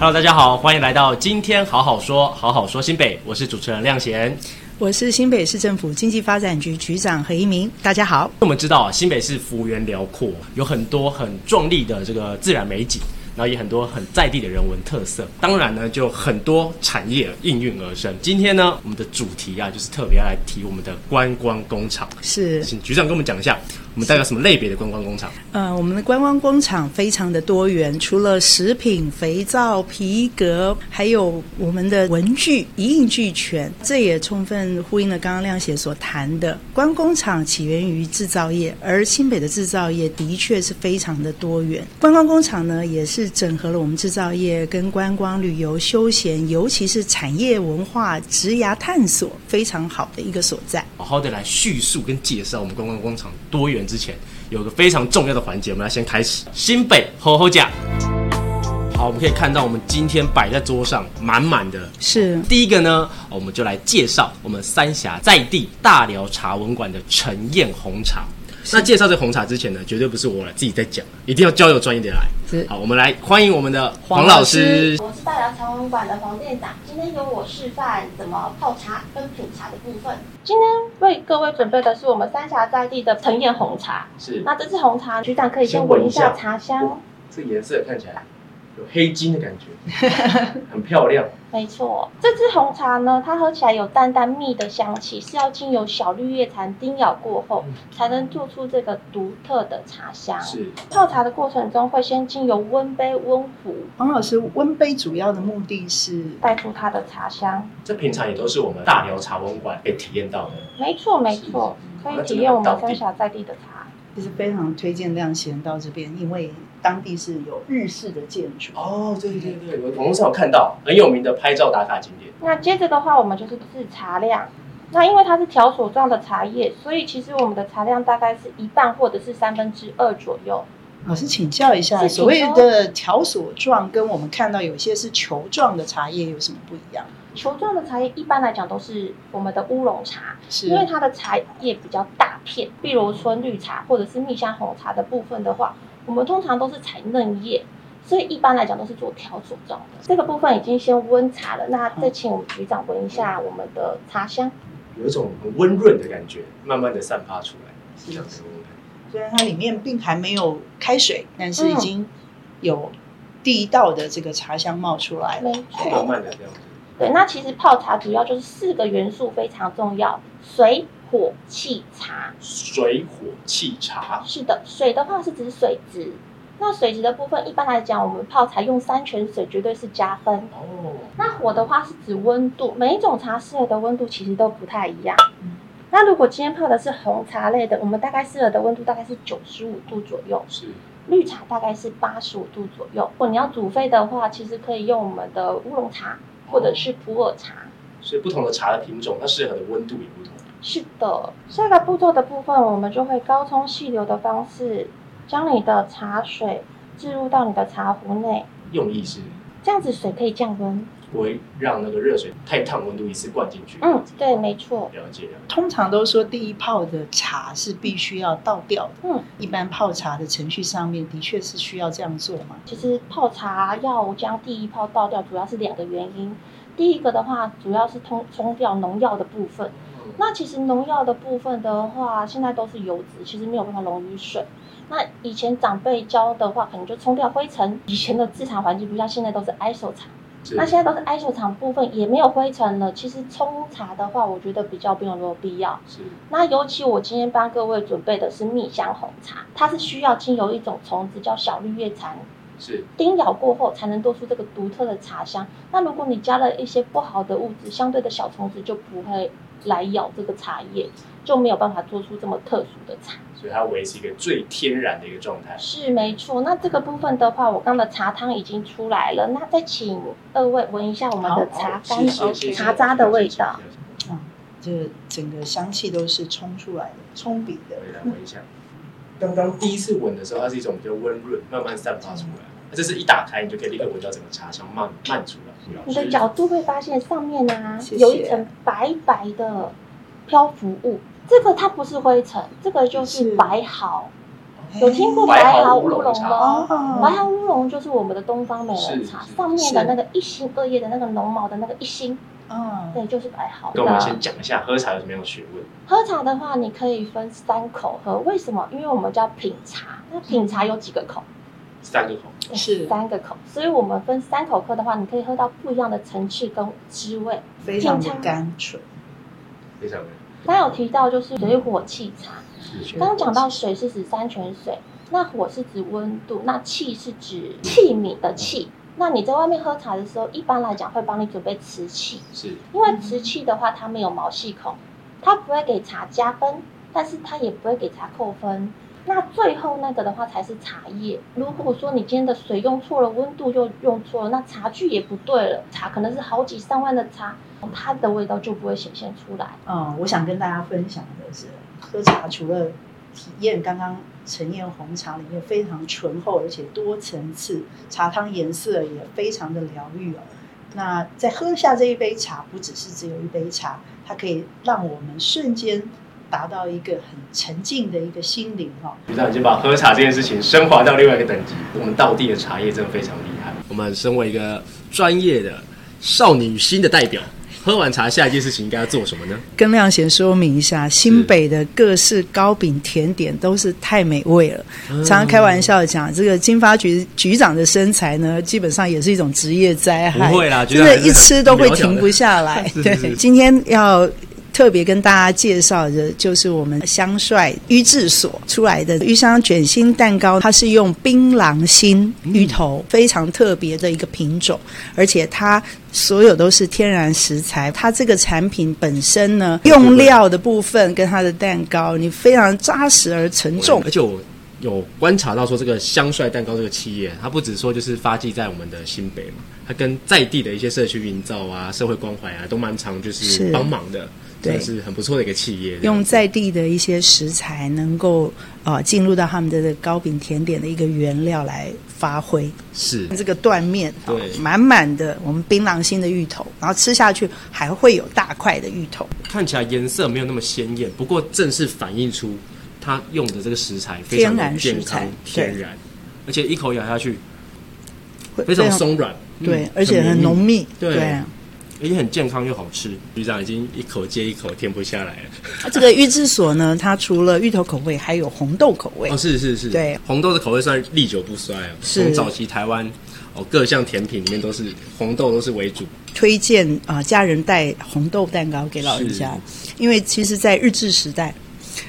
Hello，大家好，歡迎來到今天好好說，好好說新北，我是主持人亮賢，我是新北市政府經濟發展局局長何怡明，大家好。我們知道啊，新北市幅員遼闊，有很多很壯麗的這個自然美景。然後也很多很在地的人文特色，當然呢，就很多產業應運而生。今天呢，我們的主題啊，就是特別要來提我們的觀光工廠。是，請局長跟我們講一下，我們代表什麼類別的觀光工廠？呃，我們的觀光工廠非常的多元，除了食品、肥皂、皮革，還有我們的文具，一應俱全。這也充分呼應了剛剛亮姐所談的，觀光工廠起源於製造業，而新北的製造業的確是非常的多元。觀光工廠呢，也是。整合了我們製造業跟觀光旅遊休閒，尤其是產業文化職涯探索非常好的一個所在。好，好的來敘述跟介紹我們觀光工廠多元之前，有個非常重要的環節，我們要先開始新北厚厚呷。好，我們可以看到我們今天擺在桌上滿滿的，是第一個呢，我們就來介紹我們三峽在地大寮茶文館的澄豔紅茶。那介紹這紅茶之前呢，絕對不是我自己在講，一定要叫有專業的來。是好，我們來歡迎我們的黃老師，老師，我是大寮茶文館的黃店長，今天由我示範怎麼泡茶跟品茶的部分。今天為各位準備的是我們三峽在地的澄豔紅茶。是，那這次紅茶，局長可以先聞一下茶香。這顏色看起來。有黑金的感覺，很漂亮。 沒錯，這支紅茶呢，它喝起來有淡淡蜜的香氣，是要經由小綠葉蟬叮咬過後、嗯，才能做出這個獨特的茶香。是泡茶的過程中，會先經由溫杯溫壺。黃老師，溫杯主要的目的是帶出它的茶香。這平常也都是我們大寮茶文館可以體驗到的。沒錯，沒錯，可以體驗我們三峽在地的茶。其實非常推薦亮賢到這邊，因為。當地是有日式的建築哦，對對對，我網絡有看到很有名的拍照打卡景點。那接着的話，我們就是置茶量，那因為它是條索狀的茶葉，所以其實我們的茶量大概是一半或者是三分之二左右。老師請教一下，所謂的條索狀跟我們看到有些是球狀的茶葉有什麼不一樣？球狀的茶葉一般來講都是我們的烏龍茶，是因為它的茶葉比較大片，碧螺春綠茶或者是蜜香紅茶的部分的話，我們通常都是採嫩葉，所以一般來講都是做條索狀的。這個部分已經先溫茶了，那再請我們局長聞一下我們的茶香，嗯、有一種溫潤的感覺，慢慢的散發出來，是這樣子。雖然它裡面並還沒有開水，但是已經有第一道的這個茶香冒出來了，很、嗯、浪的對，那其實泡茶主要就是四個元素非常重要，水。火氣茶，水火氣茶。是的，水的話是指水質。那水質的部分，一般來講，我們泡茶用山泉水絕對是加分。哦、嗯，那火的話是指溫度，每一種茶適合的溫度其實都不太一樣、嗯。那如果今天泡的是紅茶類的，我們大概適合的溫度大概是九十五度左右。是，綠茶大概是八十五度左右。如果你要煮沸的話，其實可以用我們的烏龍茶或者是普洱茶、哦。所以不同的茶的品種，它適合的溫度也不同。嗯是的，下、這、一個步驟的部分，我們就會高沖細流的方式，將你的茶水置入到你的茶壺內。用意是這樣子，水可以降溫，不會讓那個熱水太燙，溫度一次灌進去。嗯，對，沒錯。了解了解。通常都說第一泡的茶是必須要倒掉的。嗯，一般泡茶的程序上面的確是需要這樣做嘛。其實泡茶要將第一泡倒掉，主要是兩個原因。第一個的話，主要是沖沖掉農藥的部分。那其實農藥的部分的話，現在都是油脂，其實沒有辦法溶於水。那以前長輩教的話，可能就沖掉灰塵。以前的製茶環境不像現在都是挨手茶，那現在都是挨手茶部分也沒有灰塵了。其實沖茶的話，我覺得比較沒有那麼必要。是。那尤其我今天幫各位準備的是蜜香紅茶，它是需要經由一種蟲子叫小綠葉蟬，是叮咬過後才能做出這個獨特的茶香。那如果你加了一些不好的物質，相對的小蟲子就不會。來咬這個茶葉就沒有辦法做出這麼特殊的茶，所以它維持一個最天然的一個狀態。是沒錯。那這個部分的話，我剛，剛的茶湯已經出來了，那再請二位聞一下我們的茶渣，茶渣的味道。謝謝謝謝謝謝謝謝。嗯，就整個香氣都是衝出來的，衝鼻的。嗯、來聞一下，剛、嗯、剛第一次聞的時候，它是一種比較溫潤，慢慢散發出來。嗯這是一打開，你就可以立刻聞到整個茶香慢慢出來了。你的角度會發現上面呢、啊、有一層白白的漂浮物，謝謝這個它不是灰塵，這個就是白毫。有聽過白毫烏龍嗎？白毫烏龍、哦、白毫烏龍就是我們的東方美人茶，上面的那個一心二葉的那個絨毛的那個一心、嗯。對，就是白毫。跟我們先講一下喝茶有什麼樣的學問、啊？喝茶的話，你可以分三口喝。為什麼？因為我們叫品茶。那品茶有幾個口？三個口，是三個口，所以我們分三口喝的話，你可以喝到不一樣的層次跟滋味，非常乾脆，非常。剛剛有提到就是水火氣茶，嗯嗯、剛剛講到水是指山泉水，那火是指溫度，那氣是指器皿的氣。那你在外面喝茶的時候，一般來講會幫你準備瓷器，是因為瓷器的話、嗯、它沒有毛細孔，它不會給茶加分，但是它也不會給茶扣分。那最後那個的話才是茶葉。如果說你今天的水用錯了，溫度就用錯了，那茶具也不對了，茶可能是好幾上萬的茶，它的味道就不會顯現出來。嗯，我想跟大家分享的是，喝茶除了體驗剛剛澄豔紅茶裡面非常醇厚，而且多層次，茶湯顏色也非常的療癒哦。那在喝下這一杯茶，不只是只有一杯茶，它可以讓我們瞬間。達到一個很沉靜的一個心靈哈，局長已經把喝茶這件事情升華到另外一個等級。我們道地的茶葉真的非常厲害。我們身為一個專業的少女心的代表，喝完茶下一件事情應該要做什麼呢？跟亮賢說明一下，新北的各式糕餅甜點都是太美味了。常常開玩笑講，這個金發局局長的身材呢，基本上也是一種職業災害。不會啦，真的，一吃都會停不下來。 對，今天要。特別跟大家介紹的，就是我們香帥芋製所出來的芋香卷心蛋糕，它是用檳榔心芋頭、嗯，非常特別的一個品種，而且它所有都是天然食材。它這個產品本身呢，用料的部分跟它的蛋糕，你非常扎實而沉重。我，而且我有，有觀察到說，這個香帥蛋糕這個企業，它不只說就是發跡在我們的新北，它跟在地的一些社區營造啊、社會關懷啊，都蠻常就是幫忙的。對，是很不錯的一個企業。用在地的一些食材能夠，能夠啊進入到他們的這個糕餅甜點的一個原料來發揮。是這個斷面，對，哦、滿滿的我們檳榔心的芋頭，然後吃下去還會有大塊的芋頭。看起來顏色沒有那麼鮮艷，不過正是反映出他用的這個食材非常天然、食材，天然，而且一口咬下去會非常鬆軟、嗯，對，而且很濃密、嗯，對。對也很健康又好吃，局長已經一口接一口停不下來了。 這個玉制所呢，它除了芋頭口味，還有紅豆口味哦，是是是，對紅豆的口味算歷久不衰哦，從早期台灣哦，各項甜品裡面都是紅豆都是為主，推薦啊、呃、家人帶紅豆蛋糕給老人家，因為其實，在日治時代，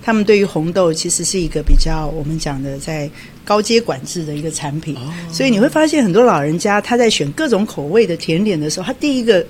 他們對於紅豆其實是一個比較我們講的在高階管制的一個產品，哦、所以你會發現很多老人家他在選各種口味的甜點的時候，他第一個。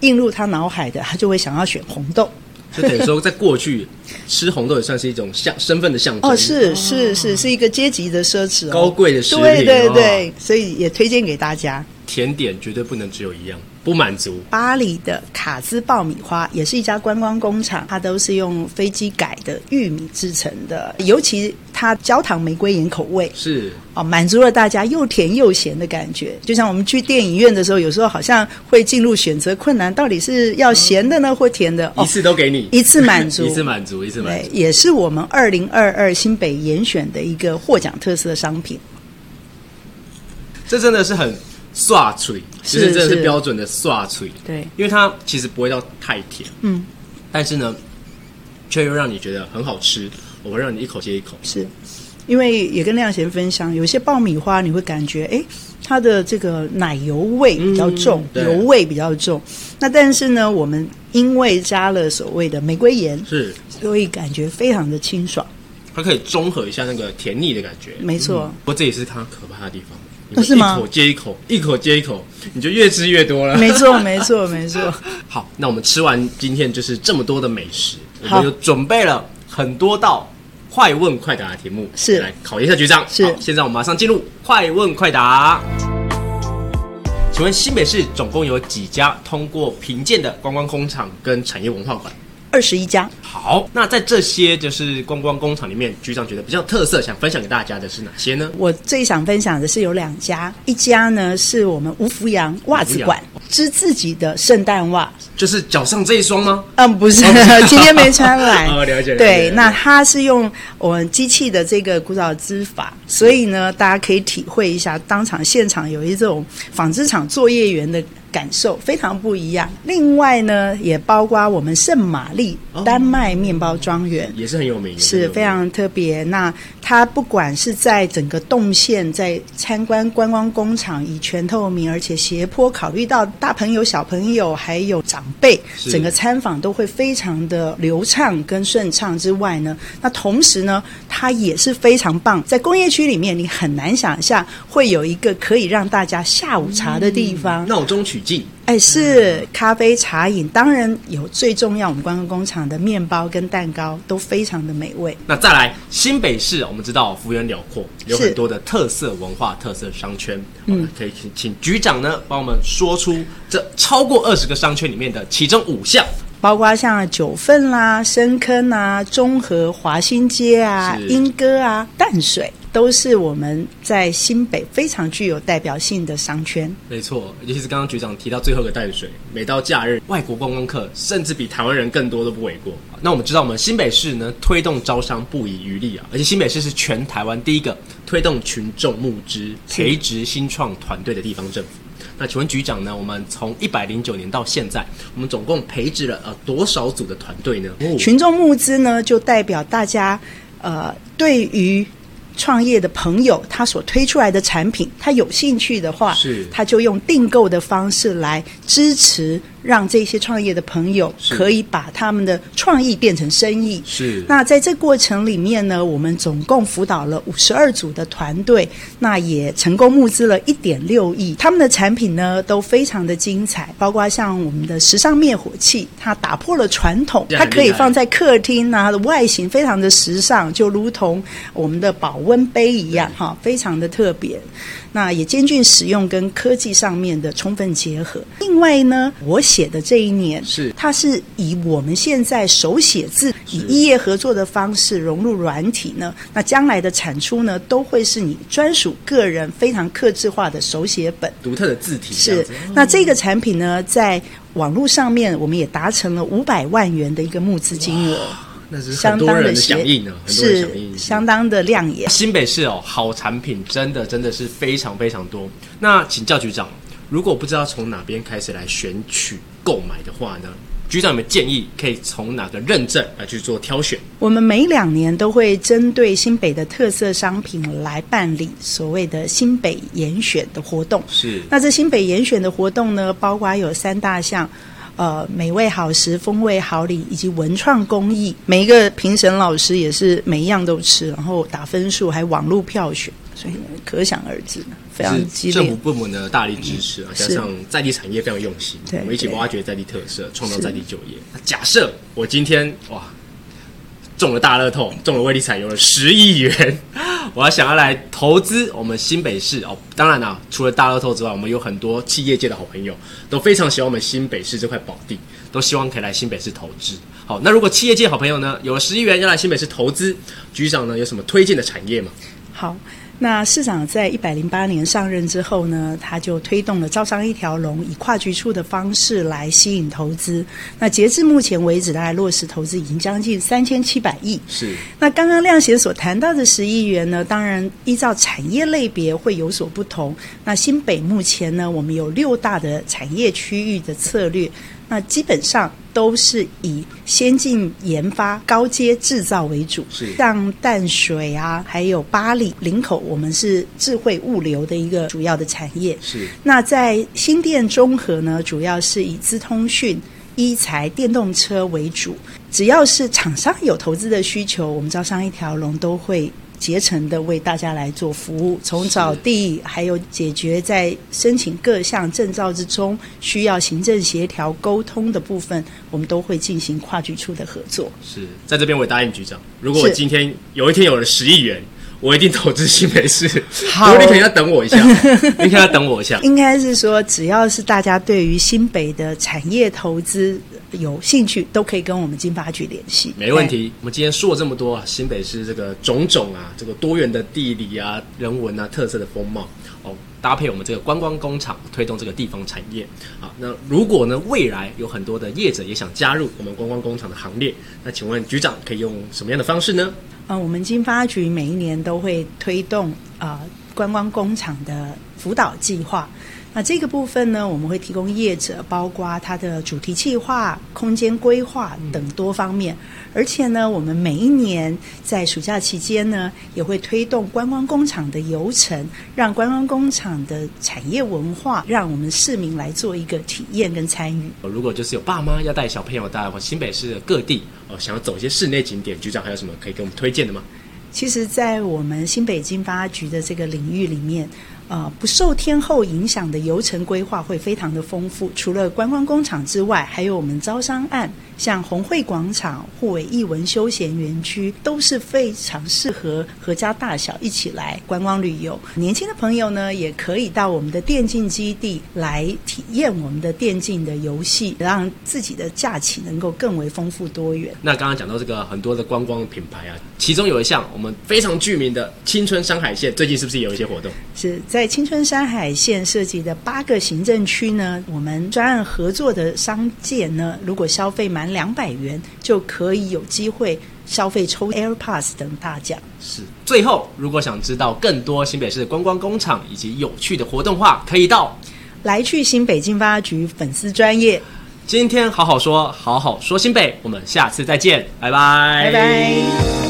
映入他腦海的，他就會想要選紅豆。就等於說，在過去 吃紅豆也算是一種象身份的象徵哦，是是是，是一個階級的奢侈、哦，高貴的食品，對對對，哦、所以也推薦給大家。甜點絕對不能只有一樣。不滿足八里的卡滋爆米花也是一家觀光工廠，它都是用非基改的玉米制成的，尤其它焦糖玫瑰鹽口味是哦，滿足了大家又甜又鹹的感覺，就像我們去電影院的時候，有時候好像會進入選擇困難，到底是要鹹的呢，嗯、或甜的、哦？一次都給你，一次滿足, 足，一次滿足，一次滿足，對，也是我們二零二二新北嚴選的一個獲獎特色商品。這真的是很。爽脆，就是這是標準的爽脆。對，因為它其實不會到太甜。嗯，但是呢，卻又讓你覺得很好吃，我會讓你一口接一口。是，因為也跟亮賢分享，有些爆米花你會感覺，哎，它的這個奶油味比較重、嗯，油味比較重。那但是呢，我們因為加了所謂的玫瑰鹽，是，所以感覺非常的清爽。它可以中和一下那個甜膩的感覺。沒錯，不過這也是它可怕的地方。不是嗎？一口接一口，一口接一口，你就越吃越多了。沒錯，沒錯，沒錯。好，那我們吃完今天就是這麼多的美食，我們就準備了很多道快問快答的題目，是來考驗一下局長。是。好，現在我們馬上進入快問快答。請問新北市總共有幾家通過評鑑的觀光工廠跟產業文化館？二十一家，好。那在這些就是觀光工廠裡面，局長覺得比較特色，想分享給大家的是哪些呢？我最想分享的是有兩家，一家呢是我們吳福洋襪子館，織自己的聖誕襪，就是腳上這一雙嗎？嗯，不是，哦、今天沒穿來。哦，了解。對，了解，那它是用我們機器的這個古早織法、嗯，所以呢，大家可以體會一下，當場現場有一種紡織廠作業員的。感受非常不一樣。另外呢，也包括我們聖瑪麗丹麥麵包莊園，哦、也，是也是很有名，是非常特別。那它不管是在整個動線，在參觀觀光工廠以全透明，而且斜坡，考慮到大朋友、小朋友還有長輩，整個參訪都會非常的流暢跟順暢之外呢，那同時呢，它也是非常棒。在工業區裡面，你很難想象會有一個可以讓大家下午茶的地方。那我終。哎，是咖啡茶飲，當然有最重要，我們觀光工廠的麵包跟蛋糕都非常的美味。那再來新北市，我們知道幅員遼闊，有很多的特色文化、特色商圈。嗯，可以請，請局長呢幫我們說出這超過二十個商圈裡面的其中五項，包括像九份啦、深坑啊、中和、華新街啊、鶯歌啊、淡水。都是我們在新北非常具有代表性的商圈。沒錯，尤其是剛剛局長提到最後一個淡水，每到假日外國觀光客甚至比台灣人更多都不為過。那我們知道，我們新北市呢推動招商不遺餘力啊，而且新北市是全台灣第一個推動群眾募資、培植新創團隊的地方政府。那請問局長呢？我們從一百零九年到現在，我們總共培植了呃多少組的團隊呢？群眾募資呢，就代表大家呃對於。創業的朋友，他所推出來的產品，他有興趣的話，他就用訂購的方式來支持。讓這些創業的朋友可以把他們的創意變成生意。是。那在這過程裡面呢，我們總共輔導了五十二組的團隊，那也成功募資了一點六億。他們的產品呢都非常的精彩，包括像我們的時尚滅火器，它打破了傳統，它可以放在客廳啊，它的外形非常的時尚，就如同我們的保溫杯一樣，哈，非常的特別。那也兼具使用跟科技上面的充分結合。另外呢，我寫的這一年是，它是以我們現在手寫字，以異業合作的方式融入軟體呢，那將來的產出呢，都會是你專屬個人非常客製化的手寫本，獨特的字體。是，那這個產品呢，在網絡上面，我們也達成了五百萬元的一個募資金額。那是很多人的響應、啊、相當的響應呢、啊、是相當的亮眼。新北市哦，好產品真的真的是非常非常多。那請教局長，如果不知道從哪邊開始來選取購買的話呢？局長有沒有建議可以從哪個認證來去做挑選？我們每兩年都會針對新北的特色商品來辦理所謂的“新北嚴選”的活動。是，那這“新北嚴選”的活動呢，包括有三大項。呃，美味好食、風味好禮，以及文創工藝，每一個評審老師也是每一樣都吃，然後打分數，還有網絡票選，所以可想而知，非常激烈。政府部門的大力支持啊、嗯，加上在地產業非常用心，對我們一起挖掘在地特色，創造在地就業。那假設我今天哇！中了大樂透，中了威力彩，有了十億元，我要想要來投資我們新北市哦。當然啊，除了大樂透之外，我們有很多企業界的好朋友都非常喜歡我們新北市這塊寶地，都希望可以來新北市投資。好，那如果企業界好朋友呢，有了十億元要來新北市投資，局長呢有什麼推薦的產業嗎？好。那市長在一百零八年上任之後呢，他就推動了招商一條龍，以跨局處的方式來吸引投資。那截至目前為止，大概落實投資已經將近三千七百億。是。那剛剛亮賢所談到的十億元呢，當然依照產業類別會有所不同。那新北目前呢，我們有六大的產業區域的策略。那基本上。都是以先進研發、高階製造為主，像淡水啊，還有八里、林口，我們是智慧物流的一個主要的產業。是，那在新店綜合呢，主要是以資通訊、醫材、電動車為主。只要是廠商有投資的需求，我們招商一條龍都會。竭誠的為大家來做服務，從找地，還有解決在申請各項證照之中需要行政協調溝通的部分，我們都會進行跨局處的合作。是，在這邊我也答應局長，如果我今天有一天有了十億元，我一定投資新北市。好，你可能要等我一下， 你可能要等我一下。 應該是說，只要是大家對於新北的產業投資。有興趣都可以跟我們金發局聯繫，沒問題。我們今天說了這麼多啊，新北市這個種種啊，這個多元的地理啊、人文啊、特色的風貌哦，搭配我們這個觀光工廠，推動這個地方產業啊。那如果呢，未來有很多的業者也想加入我們觀光工廠的行列，那請問局長可以用什麼樣的方式呢？呃，我們金發局每一年都會推動啊、呃、觀光工廠的輔導計劃。那這個部分呢，我們會提供業者，包括它的主題企劃、空間規劃等多方面。而且呢，我們每一年在暑假期間呢，也會推動觀光工廠的遊程，讓觀光工廠的產業文化，讓我們市民來做一個體驗跟參與。如果就是有爸媽要帶小朋友到我們新北市的各地哦，想要走一些室內景點，局長還有什麼可以給我們推薦的嗎？其實，在我們新北經發局的這個領域裡面。啊、呃，不受天候影響的遊程規劃會非常的豐富。除了觀光工廠之外，還有我們招商案，像宏匯廣場、互為藝文休閒園區，都是非常適合合家大小一起來觀光旅遊。年輕的朋友呢，也可以到我們的電競基地來體驗我們的電競的遊戲，讓自己的假期能夠更為豐富多元。那剛剛講到這個很多的觀光品牌啊，其中有一項我們非常著名的青春山海線，最近是不是有一些活動？是。在在青春山海線涉及的八個行政區呢，我們專案合作的商界呢，如果消費滿兩百元，就可以有機會消費抽 AirPods 等大獎。是，最後如果想知道更多新北市觀光工廠以及有趣的活動的話，可以到來去新北經發局粉絲專業。今天好好說，好好說新北，我們下次再見，拜拜。Bye bye